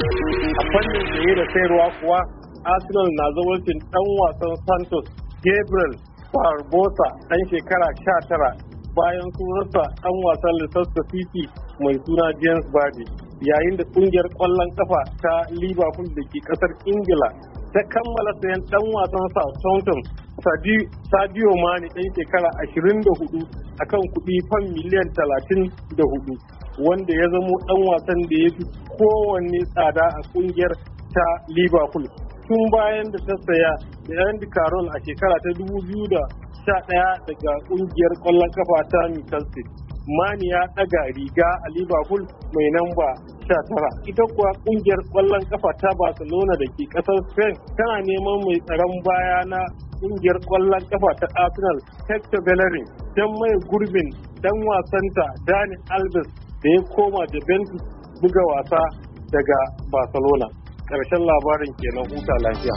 a fannin tsaye da sayarwa kuwa arsenal na zawarcin dan wasan santos gabriel barbosa dan shekara 19 bayan sunarsa dan wasan leicester city mai suna james bardi yayin da kungiyar kwallon kafa ta liverpool da ke kasar ingila ta kammala sayan dan wasan southampton sadio mani dan shekara 24 akan kuɗi fan miliyan 34 wanda ya zamo dan wasan da ya fi kowanne tsada a kungiyar ta liverpool tun bayan da ta saya da andy carroll a shekara ta 2011 daga kungiyar kwallon kafa ta newcastle mani ya daga riga a liverpool mai namba 19 ita kuwa kungiyar kwallon kafa ta barcelona da ke kasar spain tana neman mai tsaron baya na kungiyar kwallon kafa ta arsenal hector bellerin don mai gurbin dan wasanta dani alves da ya koma juventus buga wasa daga barcelona ƙarshen labarin kenan huta lafiya